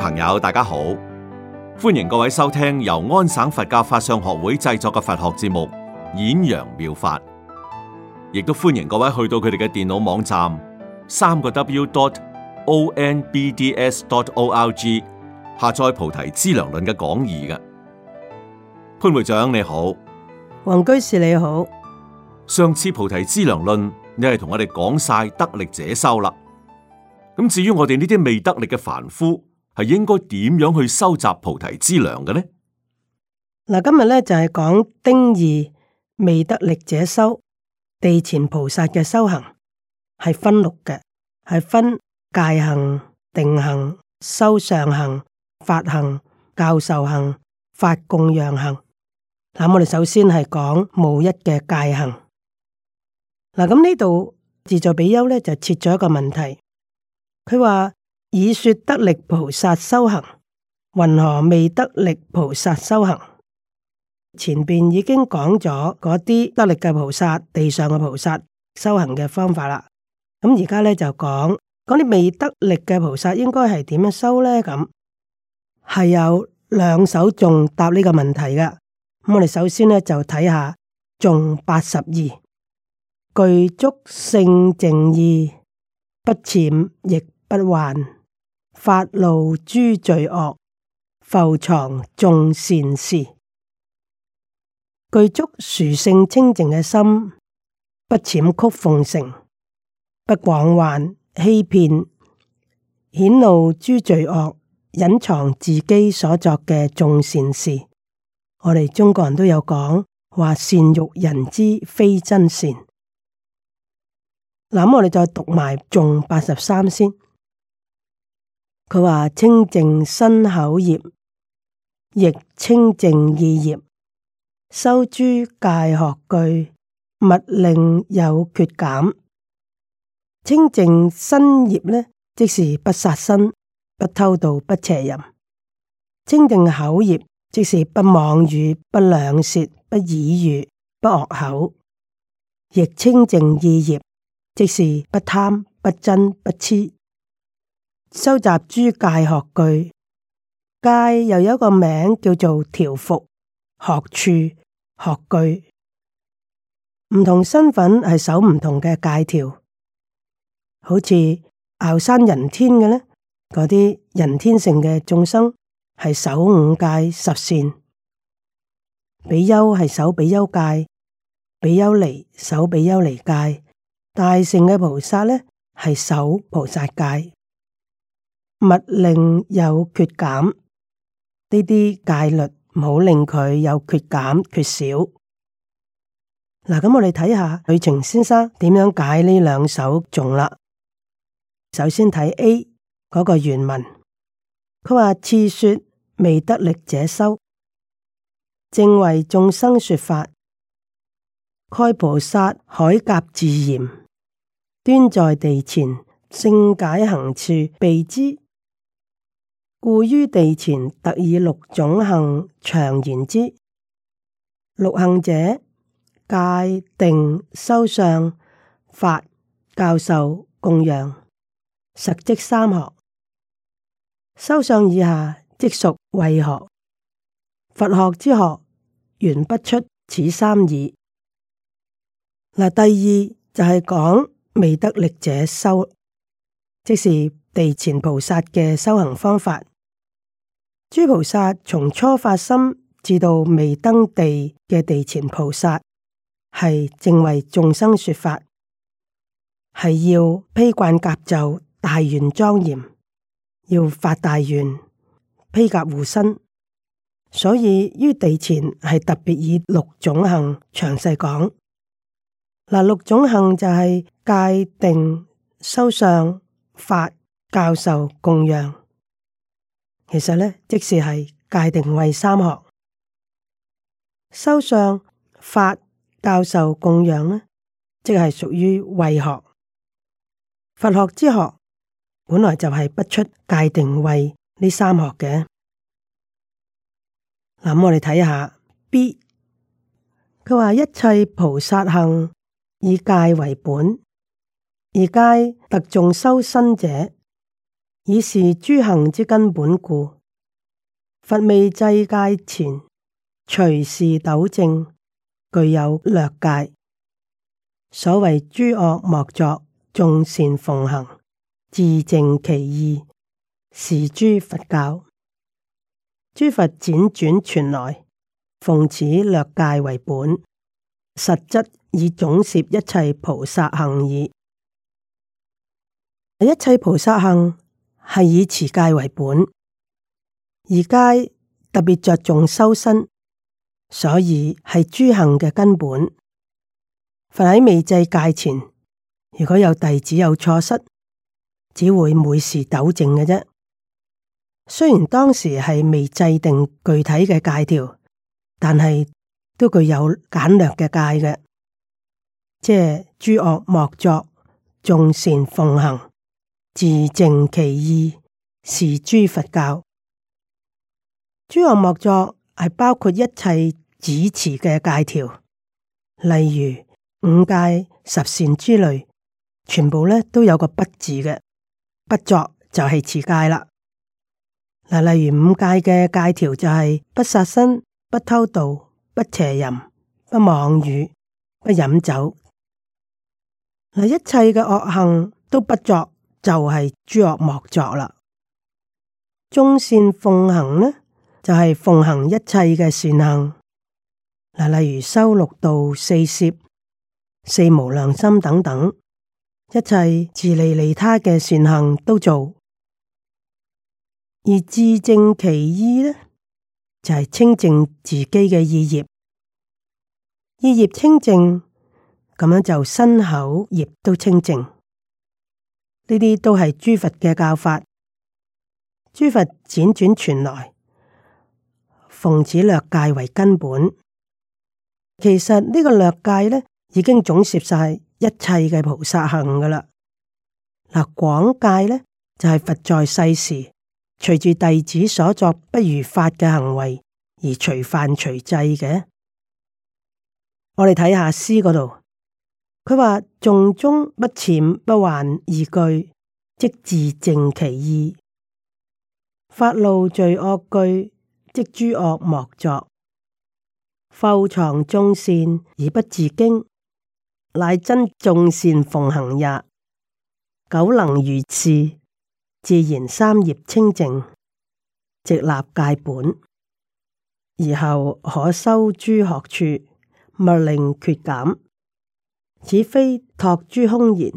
朋友，大家好，歡迎各位收聽由安省佛教法相學會製作嘅佛學節目《演揚妙,妙法》，亦都歡迎各位去到佢哋嘅電腦網站三個 w.dot.o.n.b.d.s.dot.o.r.g 下載《菩提資糧論》嘅講義嘅。潘會長你好，王居士你好。上次《菩提資糧論》，你係同我哋講晒得力者修啦。咁至於我哋呢啲未得力嘅凡夫。係應該點樣去收集菩提資糧嘅呢？嗱，今日呢就係講丁二未得力者修地前菩薩嘅修行係分六嘅，係分戒行、定行、修上行、法行、教授行、法供養行。嗱，我哋首先係講無一嘅戒行。嗱，咁呢度自在比丘呢就設咗一個問題，佢話。以說得力菩薩修行。云何，未得力菩薩修行？前邊已經講咗嗰啲得力嘅菩薩，地上嘅菩薩修行嘅方法啦。咁而家咧，就講講啲未得力嘅菩薩應該係點樣修咧？咁係有兩首頌答呢個問題㗎。咁我哋首先咧，就睇下頌八十二，具足性正義，不淺亦不患。發露諸罪惡，浮藏眾善事。具足殊勝清淨嘅心，不諂曲奉承，不誑幻欺騙，顯露諸罪惡，隱藏自己所作嘅眾善事。我哋中國人都有講話，善欲人知非真善。嗱，咁我哋再讀埋頌八十三先。佢話清淨身口業，亦清淨意業。修諸戒學句，勿令有缺減。清淨身業呢，即是不殺生、不偷盜、不邪淫；清淨口業，即是不妄語、不兩舌、不綺語、不惡口；亦清淨意業，即是不貪、不嗔、不癡。收集諸戒學句，戒又有一個名叫做調伏、學處、學句，唔同身份係守唔同嘅戒條。好似鰲山人天嘅咧，嗰啲人天性嘅眾生係守五戒十善，比丘係守比丘戒，比丘尼守比丘尼戒，大乘嘅菩薩咧係守菩薩戒。勿令有缺減，呢啲戒律唔好令佢有缺減缺少。嗱，咁我哋睇下呂澄先生點樣解呢兩首頌啦。首先睇 A 嗰個原文，佢話「次說未得力者修」，正為眾生說法。開菩薩海甲自然，端在地前性解行處備之。故於地前特以六種行長言之，六行者戒、定、修、上、法、教授、供養，實即三學。修上以下即屬慧學、佛學之學，原不出此三耳。嗱，第二就係講未得力者修，即是地前菩薩嘅修行方法。諸菩薩從初發心至到未登地嘅地前菩薩，係正為眾生說法，係要披冠甲胄，大願莊嚴，要發大願，披甲護身。所以於地前係特別以六種行詳細講嗱，六種行就係界定、修、相、法、教授、供養。其實呢，即是係界定為三學：修上法教授供養咧，即係屬於慧學；佛學之學本來就係不出界定為呢三學嘅。咁、嗯、我哋睇下 B，佢話一切菩薩行以戒為本，而戒特重修身者。已是諸行之根本故，佛未制戒前，隨時糾正，具有略戒。所謂諸惡莫作，眾善奉行，自正其意，是諸佛教。諸佛輾轉傳來，奉此略戒為本，實質以總攝一切菩薩行耳。一切菩薩行。係以持戒為本，而戒特別着重修身，所以係諸行嘅根本。佛喺未制戒前，如果有弟子有錯失，只會每時糾正嘅啫。雖然當時係未制定具體嘅戒條，但係都具有簡略嘅戒嘅，即係諸惡莫作，眾善奉行。自淨其意，是諸佛教。諸惡莫作，係包括一切主持嘅戒條，例如五戒、十善之類，全部呢都有個不字嘅，不作就係持戒啦。嗱，例如五戒嘅戒條就係、是、不殺生、不偷盜、不邪淫、不妄語、不飲酒。嗱，一切嘅惡行都不作。就係諸惡莫作啦，眾善奉行呢，就係、是、奉行一切嘅善行，嗱，例如修六道、四攝、四無量心等等，一切自利利他嘅善行都做。而自正其意呢，就係、是、清淨自己嘅意業，意業清淨，咁樣就身口業都清淨。呢啲都係諸佛嘅教法，諸佛輾轉傳來，奉此略戒為根本。其實呢個略戒呢，已經總攝晒一切嘅菩薩行噶喇。嗱，廣戒呢，就係、是、佛在世時，隨住弟子所作不如法嘅行為而隨犯隨制嘅。我哋睇下詩嗰度。佢話：眾中不淺不患而懼，即自正其意；發露罪惡，懼即諸惡莫作；伏藏眾善而不自矜，乃真眾善奉行也。苟能如是，自然三業清淨，直立戒本，而後可修諸學處，勿令缺減。此非託諸空言，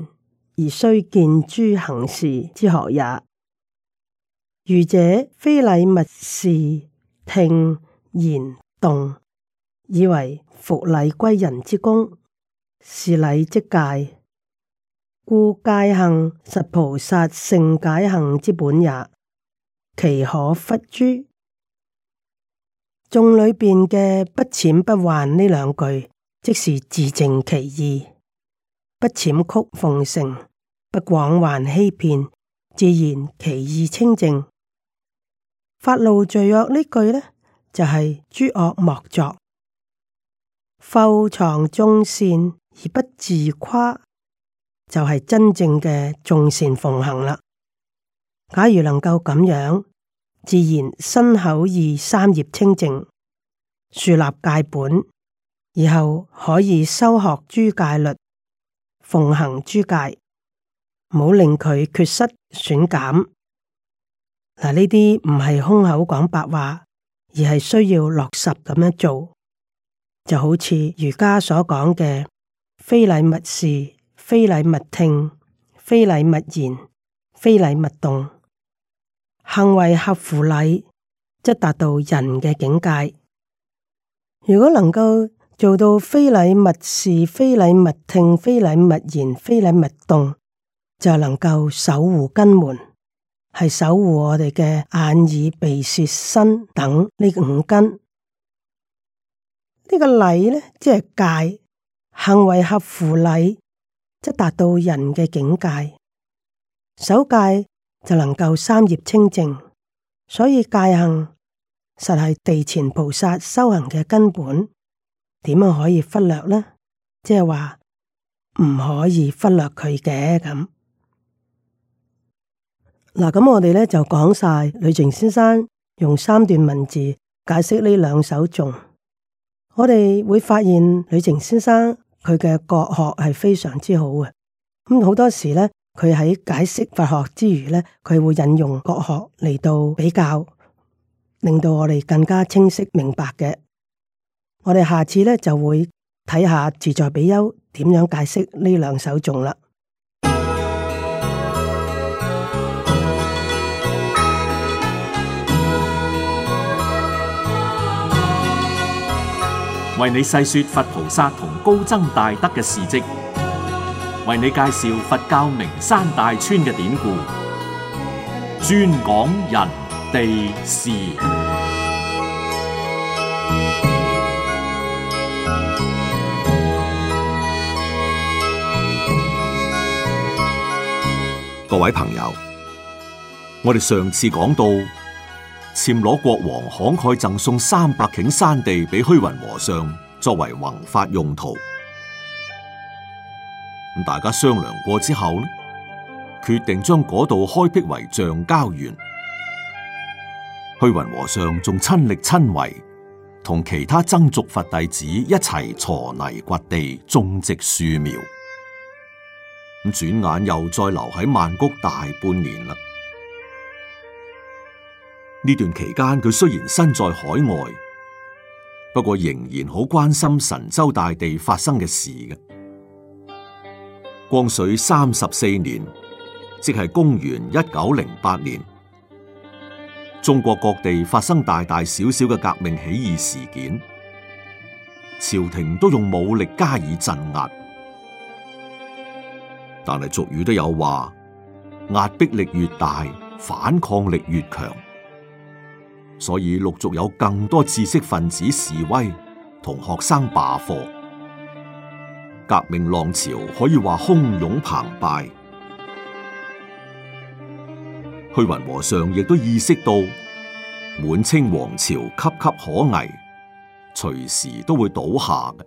而須見諸行事之學也。愚者非禮勿視、聽、言、動，以為復禮歸人之功，是禮即戒，故戒行實菩薩性解行之本也。其可忽諸？眾裏邊嘅不淺不患呢兩句，即是自證其義。不淺曲奉承，不廣幻欺騙，自然其意清淨。發露罪惡呢句呢，就係、是、諸惡莫作，覆藏眾善而不自誇，就係、是、真正嘅眾善奉行啦。假如能夠咁樣，自然身口意三業清淨，樹立戒本，以後可以修學諸戒律。奉行諸戒，冇令佢缺失損減。嗱，呢啲唔係空口講白話，而係需要落實咁樣做。就好似儒家所講嘅，非禮勿視，非禮勿聽，非禮勿言，非禮勿動。行為合乎禮，則達到人嘅境界。如果能夠。做到非禮勿視、非禮勿聽、非禮勿言、非禮勿動，就能夠守護根門，係守護我哋嘅眼、耳、鼻、舌、身等呢五根。呢、這個禮呢，即係戒，行為合乎禮，即達到人嘅境界。守戒就能夠三業清淨，所以戒行實係地前菩薩修行嘅根本。點樣可以忽略呢？即係話唔可以忽略佢嘅，咁嗱。咁我哋咧就講晒呂澂先生用三段文字解釋呢兩首頌。我哋會發現呂澂先生佢嘅國學係非常之好嘅。咁好多時咧，佢喺解釋佛學之餘咧，佢會引用國學嚟到比較，令到我哋更加清晰明白嘅。我哋下次咧就會睇下自在比丘點樣解釋呢兩首頌啦。為你細說佛菩薩同高僧大德嘅事蹟，為你介紹佛教名山大川嘅典故，專講人地事。各位朋友，我哋上次講到，暹羅國王慷慨贈送三百頃山地俾虛雲和尚作為弘法用途。咁大家商量過之後，呢決定將嗰度開闢為橡膠園。虛雲和尚仲親力親為，同其他僧俗佛弟子一齊鋤泥掘地，種植樹苗。咁轉眼又再留喺曼谷大半年啦。呢段期間，佢雖然身在海外，不過仍然好關心神州大地發生嘅事嘅。光緒三十四年，即係公元一九零八年，中國各地發生大大小小嘅革命起義事件，朝廷都用武力加以鎮壓。但係俗語都有話，壓迫力越大，反抗力越強。所以陸續有更多知識分子示威，同學生罷課，革命浪潮可以話洶湧澎湃。虛雲和尚亦都意識到滿清皇朝岌岌可危，隨時都會倒下嘅。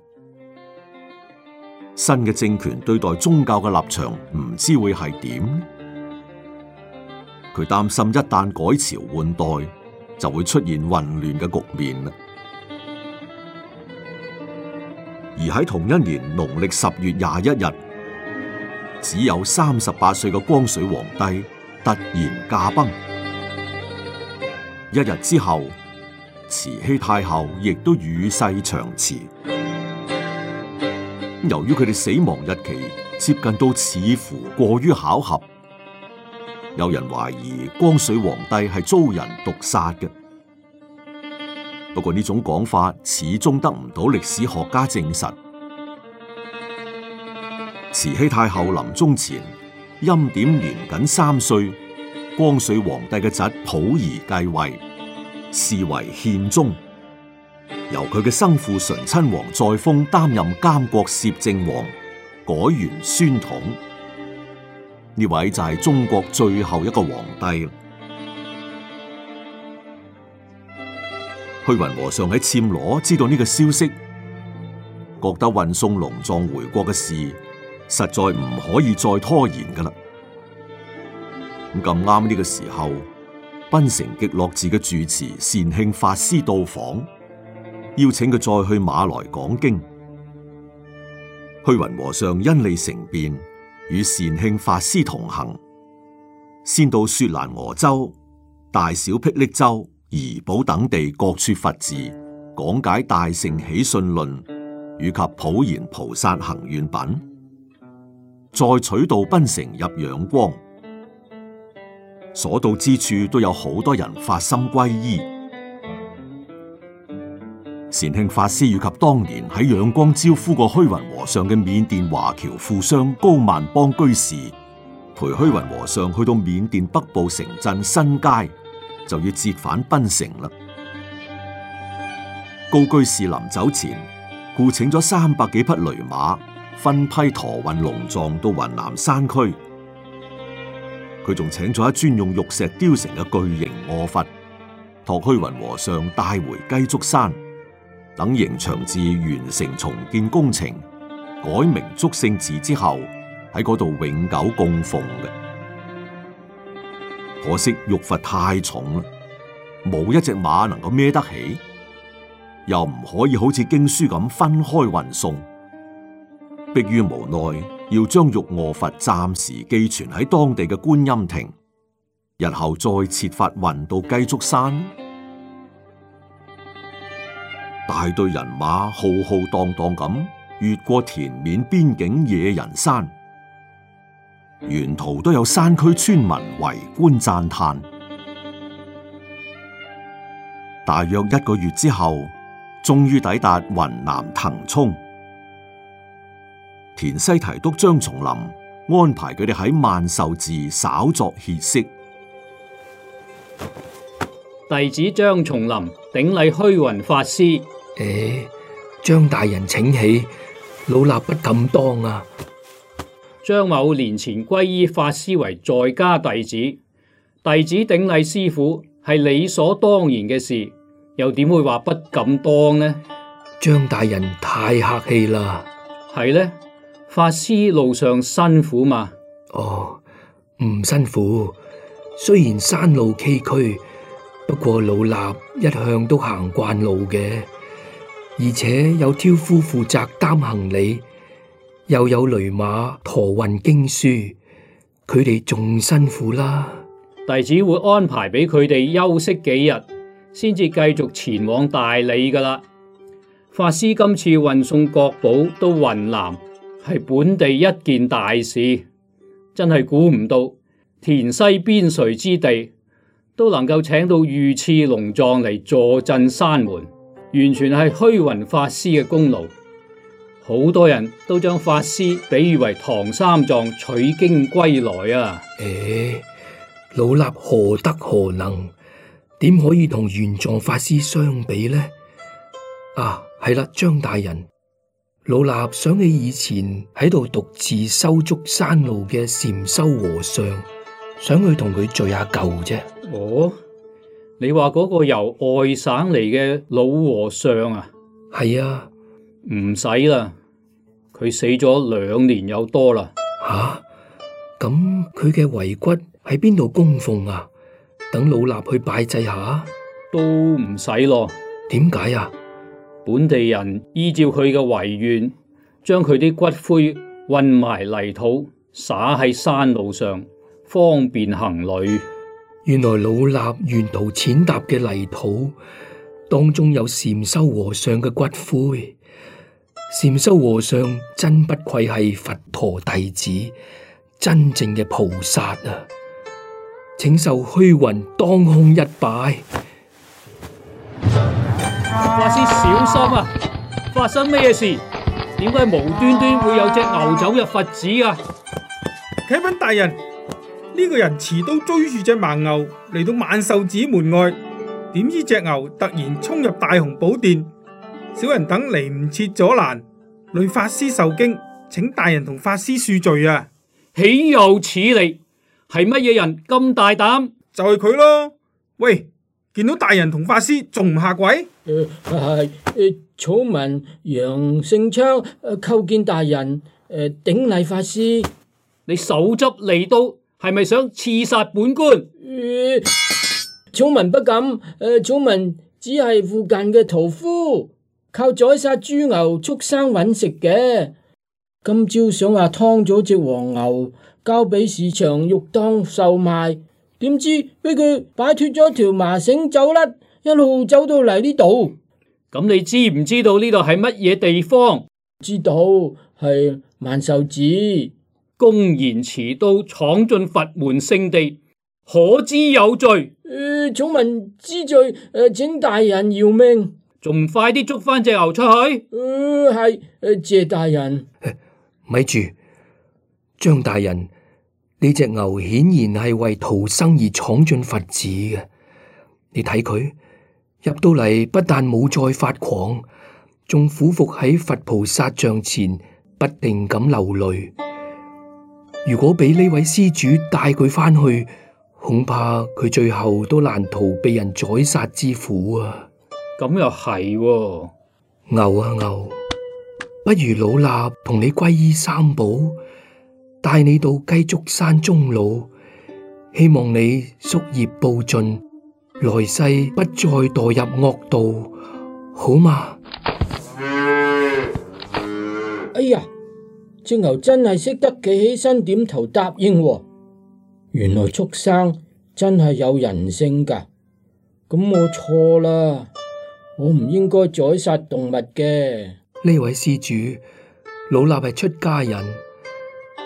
新嘅政權對待宗教嘅立場唔知會係點？佢擔心一旦改朝換代，就會出現混亂嘅局面。而喺同一年農曆十月廿一日，只有三十八歲嘅光緒皇帝突然駕崩。一日之後，慈禧太后亦都與世長辭。由於佢哋死亡日期接近到，似乎過於巧合，有人懷疑光緒皇帝係遭人毒殺嘅。不過呢種講法始終得唔到歷史學家證實。慈禧太后臨終前，欽點年僅三歲光緒皇帝嘅侄溥儀繼位，視為獻宗。由佢嘅生父醇親王載灃擔任監國攝政王，改元宣統，呢位就係中國最後一個皇帝。虛雲和尚喺暹羅知道呢個消息，覺得運送龍藏回國嘅事實在唔可以再拖延噶啦。咁咁啱呢個時候，檳城極樂寺嘅住持善慶法師到訪。邀請佢再去馬來講經，虛雲和尚因利乘便，與善慶法師同行，先到雪蘭莪州、大小霹靂州、怡保等地各處佛寺，講解《大乘起信論》以及《普賢菩薩行願品》，再取道檳城入陽光，所到之處都有好多人發心皈依。善慶法師以及當年喺仰光招呼過虛雲和尚嘅緬甸華僑富商高萬邦居士，陪虛雲和尚去到緬甸北部城鎮新街，就要折返檳城啦。高居士臨走前，雇請咗三百幾匹雷馬，分批駝運龍藏到雲南山區。佢仲請咗一尊用玉石雕成嘅巨型臥佛，託虛雲和尚帶回雞足山。等迎祥寺完成重建工程，改名祝聖寺之後，喺嗰度永久供奉嘅。可惜玉佛太重啦，冇一隻馬能夠孭得起，又唔可以好似經書咁分開運送，迫於無奈要將玉臥佛暫時寄存喺當地嘅觀音亭，日後再設法運到雞足山。大隊人馬浩浩蕩蕩咁越過滇緬邊境野人山，沿途都有山區村民圍觀讚嘆。大約一個月之後，終於抵達雲南騰沖。滇西提督張松林安排佢哋喺萬壽寺稍作歇息。弟子張松林頂禮虛雲法師。誒，張大人請起，老衲不敢當啊！張某年前皈依法師為在家弟子，弟子頂禮師傅係理所當然嘅事，又點會話不敢當呢？張大人太客氣啦！係呢，法師路上辛苦嘛？哦，唔辛苦，雖然山路崎嶇，不過老衲一向都行慣路嘅。而且有挑夫負責擔行李，又有驢馬馱運經書，佢哋仲辛苦啦。弟子會安排俾佢哋休息幾日，先至繼續前往大理噶啦。法師今次運送國寶到雲南，係本地一件大事，真係估唔到，滇西邊陲之地都能夠請到御賜龍藏嚟坐鎮山門。完全係虛雲法師嘅功勞，好多人都將法師比喻為唐三藏取經歸來啊！唉、欸，老衲何德何能，點可以同玄奘法師相比呢？啊，係啦、啊，張大人，老衲想起以前喺度獨自修築山路嘅禪修和尚，想去同佢聚下舊啫。哦。你話嗰個由外省嚟嘅老和尚啊？係啊，唔使啦，佢死咗兩年有多啦。吓、啊，咁佢嘅遺骨喺邊度供奉啊？等老衲去拜祭下？都唔使咯。點解啊？本地人依照佢嘅遺願，將佢啲骨灰混埋泥土，撒喺山路上，方便行旅。原來老衲沿途踐踏嘅泥土當中有禪修和尚嘅骨灰，禪修和尚真不愧係佛陀弟子，真正嘅菩薩啊！請受虛雲當空一拜。法師小心啊！發生咩事？點解無端端會有隻牛走入佛寺啊？啟稟大人。呢個人持刀追住隻盲牛嚟到萬壽寺門外，點知隻牛突然衝入大雄寶殿，小人等嚟唔切阻攔，女法師受驚，請大人同法師恕罪啊！豈有此理？係乜嘢人咁大膽？就係佢咯！喂，見到大人同法師仲唔下跪？誒、呃呃，草民楊勝昌、呃、叩見大人，誒、呃，頂禮法師。你手執利刀。係咪想刺殺本官？草民不敢。誒，草民只係附近嘅屠夫，靠宰殺豬牛畜生揾食嘅。今朝想話劏咗隻黃牛交俾市場肉檔售賣，點知俾佢擺脱咗條麻繩走甩，一路走到嚟呢度。咁你知唔知道呢度係乜嘢地方？知道，係萬壽寺。公然持刀闖進佛門聖地，可知有罪？請問知罪，請大人饒命。仲快啲捉翻隻牛出去。係，謝大人，咪住，張大人，呢隻牛顯然係為逃生而闖進佛寺嘅。你睇佢入到嚟，不但冇再發狂，仲俯伏喺佛菩薩像前，不停咁流淚。如果俾呢位施主帶佢返去，恐怕佢最後都難逃被人宰殺之苦啊！咁又係喎，牛啊牛，不如老衲同你皈依三寶，帶你到雞足山終老，希望你宿業報盡，來世不再墮入惡道，好嗎？哎呀！隻牛真係識得企起身點頭答應，原來畜生真係有人性噶。咁我錯啦，我唔應該宰殺動物嘅。呢位施主，老衲係出家人，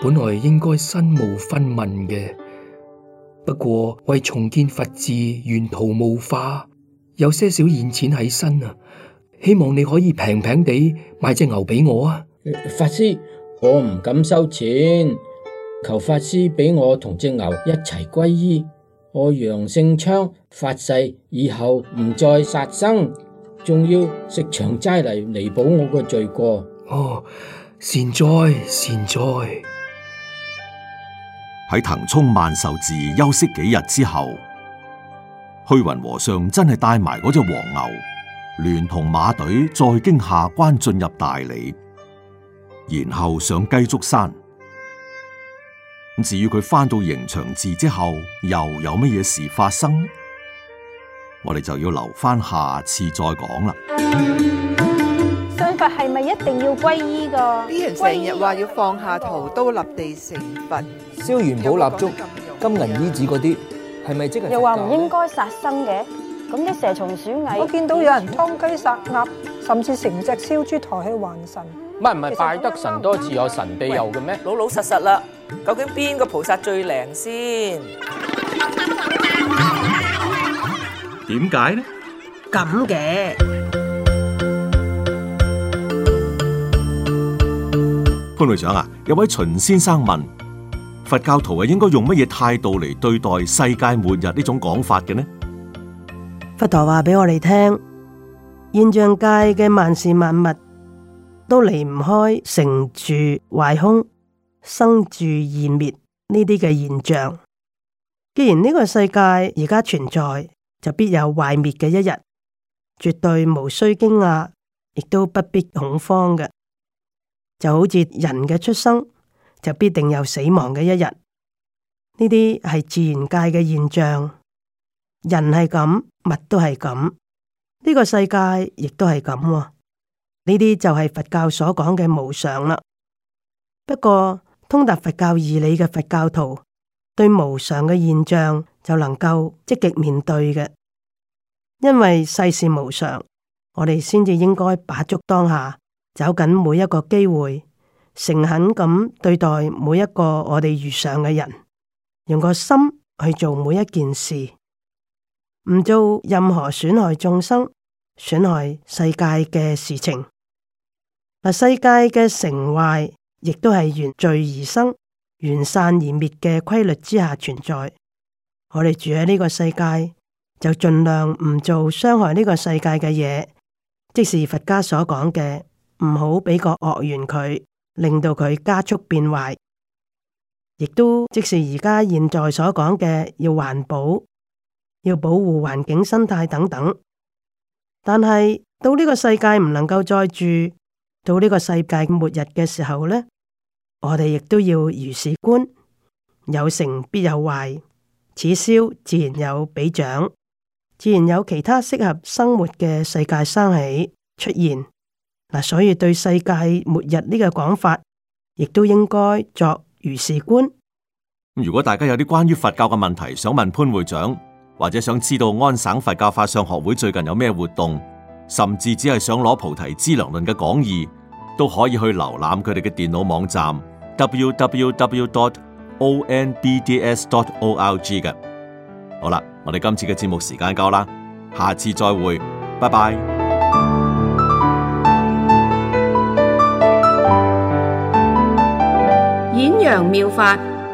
本來應該身無分文嘅，不過為重建佛寺沿途募化，有些少現錢喺身啊，希望你可以平平地買隻牛俾我啊，法師。我唔敢收錢，求法師俾我同隻牛一齊皈依。我楊勝昌發誓以後唔再殺生，仲要食長齋嚟彌補我個罪過。哦，善哉善哉！喺騰衝萬壽寺休息幾日之後，虛雲和尚真係帶埋嗰隻黃牛，聯同馬隊再經下關進入大理。然後上雞足山。咁至於佢翻到刑場寺之後，又有乜嘢事發生，我哋就要留翻下，下次再講啦。信佛係咪一定要皈依噶？成日話要放下屠刀立地成佛，燒元寶蠟燭、金銀衣紙嗰啲，係咪即係？又話唔應該殺生嘅，咁啲蛇蟲鼠蟻，我見到有人殺雞殺鴨。甚至成隻燒豬抬去還神，唔係唔係拜得神多自有神庇佑嘅咩？老老實實啦，究竟邊個菩薩最靈先？點解呢？咁嘅潘會長啊，有位秦先生問：佛教徒啊，應該用乜嘢態度嚟對待世界末日呢種講法嘅呢？佛陀話俾我哋聽。現象界嘅萬事萬物都離唔開成住壞空生住異滅呢啲嘅現象。既然呢個世界而家存在，就必有壞滅嘅一日，絕對無需驚訝，亦都不必恐慌嘅。就好似人嘅出生，就必定有死亡嘅一日。呢啲係自然界嘅現象，人係咁，物都係咁。呢個世界亦都係咁，呢啲就係佛教所講嘅無常啦。不過通達佛教義理嘅佛教徒，對無常嘅現象就能夠積極面對嘅，因為世事無常，我哋先至應該把握當下，抓緊每一個機會，誠懇咁對待每一個我哋遇上嘅人，用個心去做每一件事。唔做任何損害眾生、損害世界嘅事情。嗱，世界嘅成壞亦都係緣聚而生、緣散而滅嘅規律之下存在。我哋住喺呢個世界,就盡量唔做傷害呢個世界嘅嘢。即是佛家所講嘅，唔好畀個惡源佢，令到佢加速變壞。亦都即是而家現在所講嘅，要環保。要保護環境生態等等，但係到呢個世界唔能夠再住，到呢個世界末日嘅時候咧，我哋亦都要如是觀，有成必有壞，此消自然有彼長，自然有其他適合生活嘅世界生起出現。嗱，所以對世界末日呢個講法，亦都應該作如是觀。咁如果大家有啲關於佛教嘅問題想問潘會長？或者想知道安省佛教法相學會最近有咩活動，甚至只係想攞菩提資糧論嘅講義，都可以去瀏覽佢哋嘅電腦網站 www.onbds.org 嘅。好啦，我哋今次嘅節目時間夠啦，下次再會，拜拜。演揚妙法。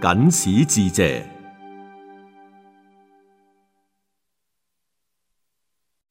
僅此致謝。